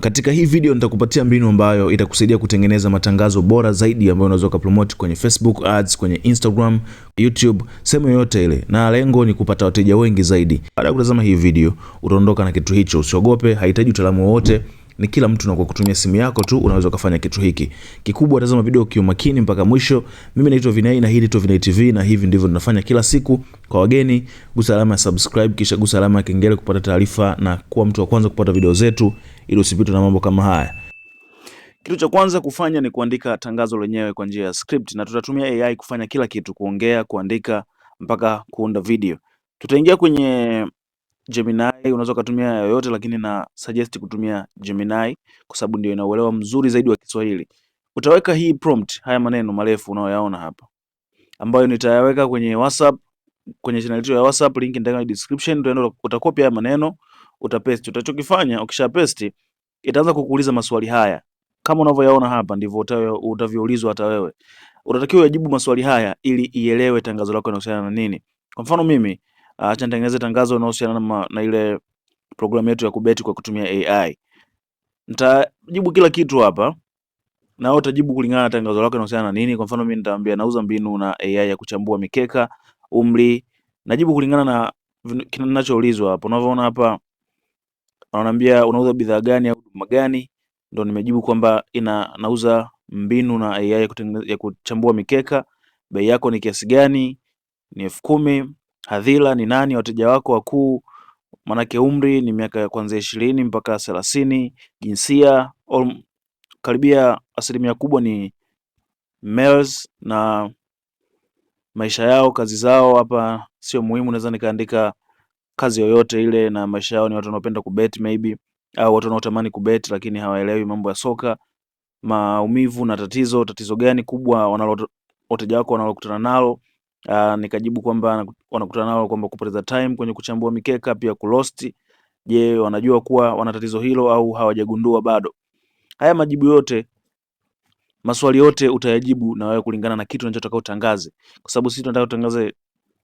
Katika hii video nitakupatia mbinu ambayo itakusaidia kutengeneza matangazo bora zaidi ambayo unaweza ukapromote kwenye Facebook ads, kwenye Instagram, YouTube, sehemu yoyote ile, na lengo ni kupata wateja wengi zaidi. Baada ya kutazama hii video utaondoka na kitu hicho. Usiogope, haihitaji utaalamu wowote ni kila mtu, na kwa kutumia simu yako tu unaweza kufanya kitu hiki kikubwa. Tazama video kwa makini mpaka mwisho. Mimi naitwa Vinai na hii ni Vinai TV, na hivi ndivyo ninafanya kila siku kwa wageni. Gusa alama ya subscribe, kisha gusa alama ya kengele kupata taarifa na kuwa mtu wa kwanza kupata video zetu, ili usipitwe na mambo kama haya. Kitu cha kwanza kufanya ni kuandika tangazo lenyewe kwa njia ya script, na tutatumia AI kufanya kila kitu, kuongea, kuandika mpaka kuunda video. Tutaingia kwenye Gemini unaweza ukatumia yoyote, lakini na suggest kutumia Gemini kwa sababu ndio ina uelewa mzuri zaidi wa Kiswahili. Utaweka hii prompt, haya maneno marefu unayoyaona hapa, ambayo nitayaweka kwenye WhatsApp, kwenye channel yetu ya WhatsApp, link ndani ya description. Utaenda utakopi haya maneno, utapaste. Utachokifanya ukisha paste, itaanza kukuuliza maswali haya kama unavyoyaona hapa, ndivyo utavyoulizwa hata wewe. Unatakiwa ujibu maswali haya ili ielewe tangazo lako linahusiana na nini. Kwa mfano mimi Ah, acha nitengeneze tangazo linalohusiana na, na ile programu yetu ya kubeti kwa kutumia AI. Nitajibu kila kitu hapa na wewe utajibu kulingana na tangazo lako linalohusiana na nini. Kwa mfano mimi nitaambia nauza mbinu na AI ya kuchambua mikeka, umri. Najibu kulingana na kinachoulizwa hapo. Unavyoona hapa wananiambia unauza bidhaa gani au huduma gani? Ndio nimejibu kwamba ina nauza mbinu na AI ya kuchambua mikeka. Bei yako ni kiasi gani? Ni elfu kumi hadhira ni nani, wateja wako wakuu, manake umri ni miaka ya kuanzia ishirini mpaka thelathini, jinsia all, karibia asilimia kubwa ni males, na maisha yao kazi zao hapa sio muhimu. Naweza nikaandika kazi yoyote ile, na maisha yao ni watu wanaopenda kubet maybe, au watu wanaotamani kubet lakini hawaelewi mambo ya soka. Maumivu na tatizo, tatizo gani kubwa wateja wako wanalokutana nalo Ah, nikajibu kwamba wanakutana nao kwamba kupoteza time kwenye kuchambua mikeka, pia kulost. Je, wanajua kuwa wana tatizo hilo au hawajagundua bado? Haya majibu yote maswali yote utayajibu na wewe kulingana na kitu unachotaka utangaze, kwa sababu sisi tunataka utangaze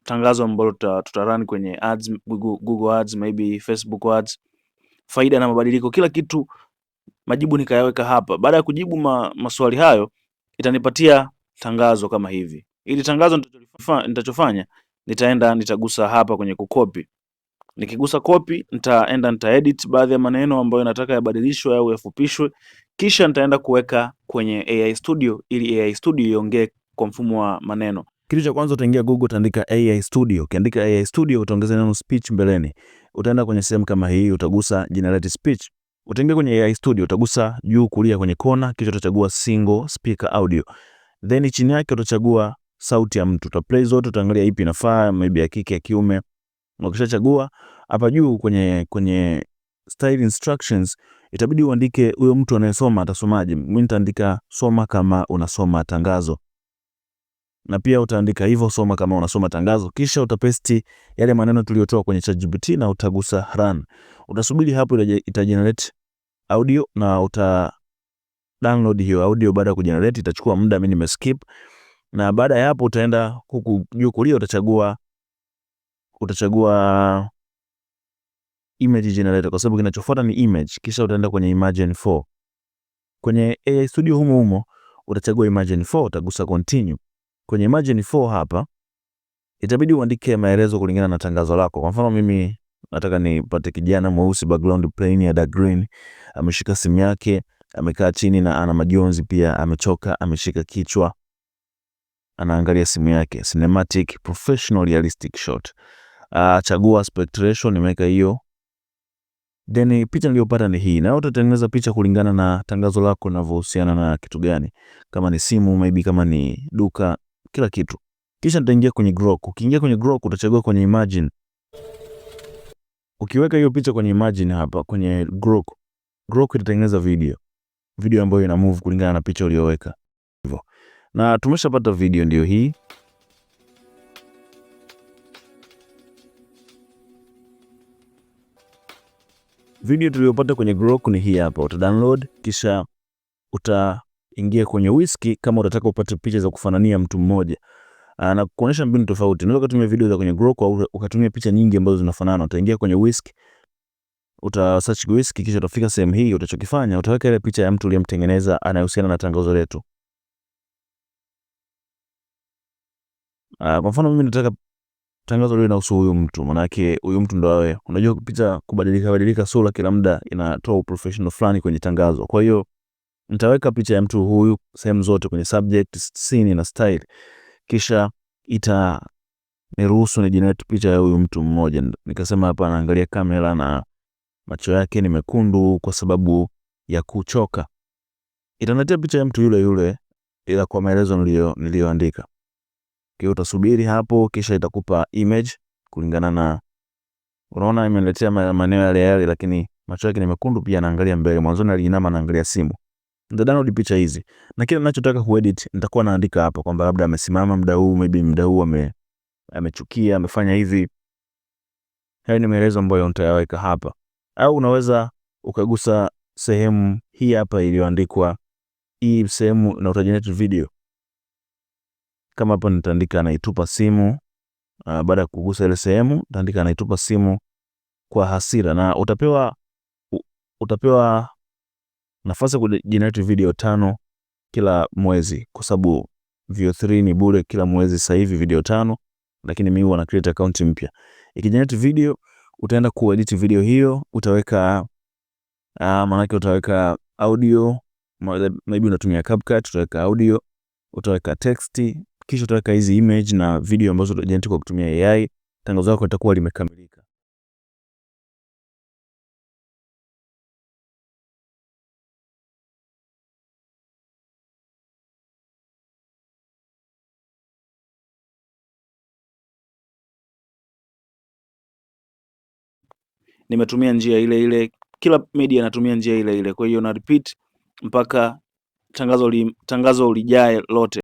tangazo ambalo tutarun kwenye ads, Google, Google ads, maybe Facebook ads, faida na mabadiliko, kila kitu majibu nikayaweka hapa. Baada ya kujibu ma, maswali hayo itanipatia tangazo kama hivi ili tangazo nitachofanya nitaenda nitagusa hapa kwenye kukopi. Nikigusa copy, nitaenda nita edit baadhi ya maneno ambayo nataka yabadilishwe au yafupishwe, kisha nitaenda kuweka kwenye AI Studio ili AI Studio iongee kwa mfumo wa maneno. Kitu cha kwanza utaingia Google, utaandika AI Studio. Ukiandika AI Studio utaongeza neno speech mbeleni, utaenda kwenye sehemu kama hii, utagusa generate speech, utaingia kwenye AI Studio, utagusa juu kulia kwenye kona, kisha utachagua single speaker audio, then chini yake utachagua sauti ya mtu. Utaplay zote, utaangalia ipi inafaa, maybe ya kike, ya kiume. Ukishachagua hapa juu kwenye kwenye style instructions itabidi uandike huyo mtu anayesoma atasomaje. Mimi nitaandika soma kama unasoma tangazo, na pia utaandika hivyo, soma kama unasoma tangazo, kisha utapesti yale maneno tuliyotoa kwenye ChatGPT na utagusa run. Utasubiri hapo itagenerate audio na uta download hiyo audio. Baada ya kujenerate itachukua muda, mimi nimeskip na baada ya hapo utaenda huku juu kulia, utachagua utachagua image generator, kwa sababu kinachofuata ni image. Kisha utaenda kwenye Imagen 4 kwenye AI Studio, humo humo utachagua Imagen 4, utagusa continue. Kwenye Imagen 4 hapa itabidi uandike maelezo kulingana na tangazo lako. Kwa mfano mimi nataka nipate kijana mweusi, background plain ya dark green, ameshika simu yake, amekaa chini na ana majonzi pia, amechoka, ameshika kichwa anaangalia simu yake, cinematic, professional, realistic shot. Uh, chagua aspect ratio nimeweka hiyo, then picha niliyopata ni hii, na wewe utatengeneza picha kulingana na tangazo lako linavyohusiana na kitu gani, kama ni simu maybe, kama ni duka, kila kitu. Kisha nitaingia kwenye Grok. Ukiingia kwenye Grok utachagua kwenye imagine. Ukiweka hiyo picha kwenye imagine hapa kwenye Grok, Grok itatengeneza video, video ambayo ina move kulingana na picha uliyoweka na tumeshapata video ndio hii. Video tuliyopata kwenye Grok ni hii hapa, uta download kisha utaingia kwenye Whisky kama utataka upate picha za kufanania mtu mmoja ah, na kuonyesha mbinu tofauti. Unaweza kutumia video za kwenye Grok au ukatumia picha nyingi ambazo zinafanana. Utaingia kwenye Whisky, uta search Whisky kisha utafika sehemu hii. Utachokifanya, utaweka ile picha ya mtu uliyemtengeneza anayehusiana na tangazo letu. Ah, kwa mfano mimi nataka tangazo lile linahusu huyu mtu, manake huyu mtu ndo awe. Unajua kupita kubadilika badilika sura kila muda inatoa uprofessional fulani kwenye tangazo. Kwa hiyo nitaweka picha ya mtu huyu sehemu zote kwenye subject, scene na style, kisha ita niruhusu ni generate picha ya huyu mtu mmoja. Nikasema hapa anaangalia kamera na macho yake ni mekundu kwa sababu ya kuchoka. Itanatia picha ya mtu yule yule ila kwa maelezo niliyoandika. Kwa utasubiri hapo kisha itakupa image kulingana na unaona imeletea maneno yale yale lakini macho yake ni mekundu pia anaangalia mbele. Mwanzo aliinama anaangalia simu. Nita download picha hizi. Na kile ninachotaka kuedit nitakuwa naandika hapa kwamba labda amesimama muda huu, maybe muda huu ame amechukia, amefanya hivi. Hayo ni maelezo ambayo nitayaweka hapa. Au unaweza ukagusa sehemu hii hapa iliyoandikwa hii sehemu na utajenerate video. Kama hapa nitaandika anaitupa simu. Uh, baada ya kugusa ile sehemu nitaandika anaitupa simu kwa hasira, na utapewa utapewa nafasi ya kujenerate video tano kila mwezi, kwa sababu VO3 ni bure kila mwezi sasa hivi video tano, lakini mimi huwa na create account mpya. Ikigenerate video utaenda kuedit video hiyo, utaweka uh, maanake utaweka audio, maybe unatumia CapCut, utaweka audio, utaweka texti kisha utaweka hizi image na video ambazo utajenerate kwa kutumia AI, tangazo lako litakuwa limekamilika. Nimetumia njia ile ile, kila media inatumia njia ile ile. Kwa hiyo na repeat mpaka tangazo li, tangazo lijae lote.